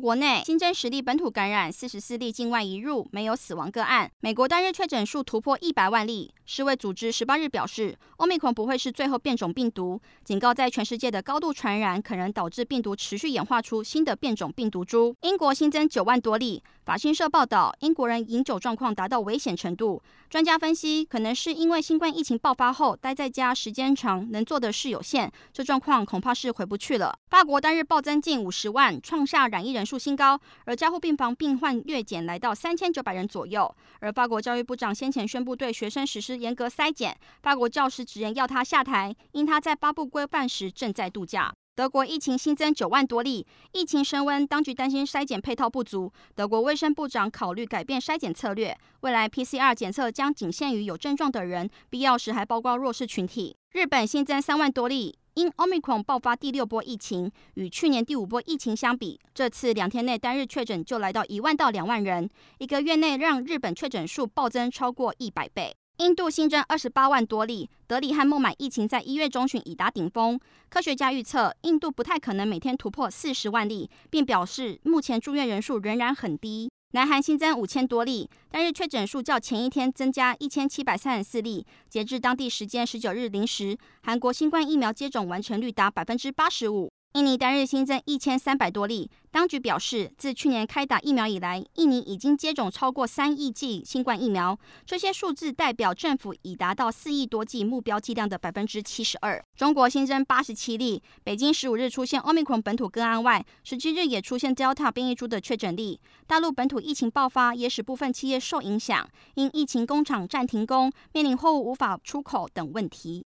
國內新增十例本土感染，四十四例境外移入，沒有死亡個案。美國單日確診數突破一百萬例。世衛組織十八日表示，Omicron 不會是最後變種病毒，警告在全世界的高度傳染，可能導致病毒持續演化出新的變種病毒株。英國新增九萬多例。法新社報道，英國人飲酒狀況達到危險程度。專家分析，可能是因為新冠疫情爆發後，待在家時間長，能做的事有限，這狀況恐怕是回不去了。法國單日暴增近五十萬，創下染疫人數數新高，而加護病房病患略減來到三千九百人左右。而法國教育部長先前宣布對學生實施嚴格篩檢，法國教師直言要他下台，因他在發布規範時正在度假。德國疫情新增九萬多例，疫情升溫，當局擔心篩檢配套不足，德國衛生部長考慮改變篩檢策略，未來 PCR 檢測將僅限於有症狀的人，必要時還包括弱勢群體。日本新增三萬多例。因 Omicron 爆發第六波疫情，與去年第五波疫情相比，這次兩天內單日確診就來到一萬到兩萬人，一個月內讓日本確診數暴增超過一百倍。印度新增二十八萬多例，德里和孟買疫情在一月中旬已達頂峰。科學家預測，印度不太可能每天突破四十萬例，並表示目前住院人數仍然很低。南韓新增五千多例，單日確診數較前一天增加一千七百三十四例。截至當地時間十九日零時，韓國新冠疫苗接種完成率達百分之八十五。印尼單日新增一千三百多例，當局表示，自去年開打疫苗以來，印尼已經接種超過三億劑新冠疫苗，這些數字代表政府已達到四億多劑目標劑量的百分之七十二。中國新增八十七例，北京十五日出現奧密克戎本土個案外，十七日也出現 Delta 變異株的確診例。大陸本土疫情爆發也使部分企業受影響，因疫情工廠暫停工，面臨貨物無法出口等問題。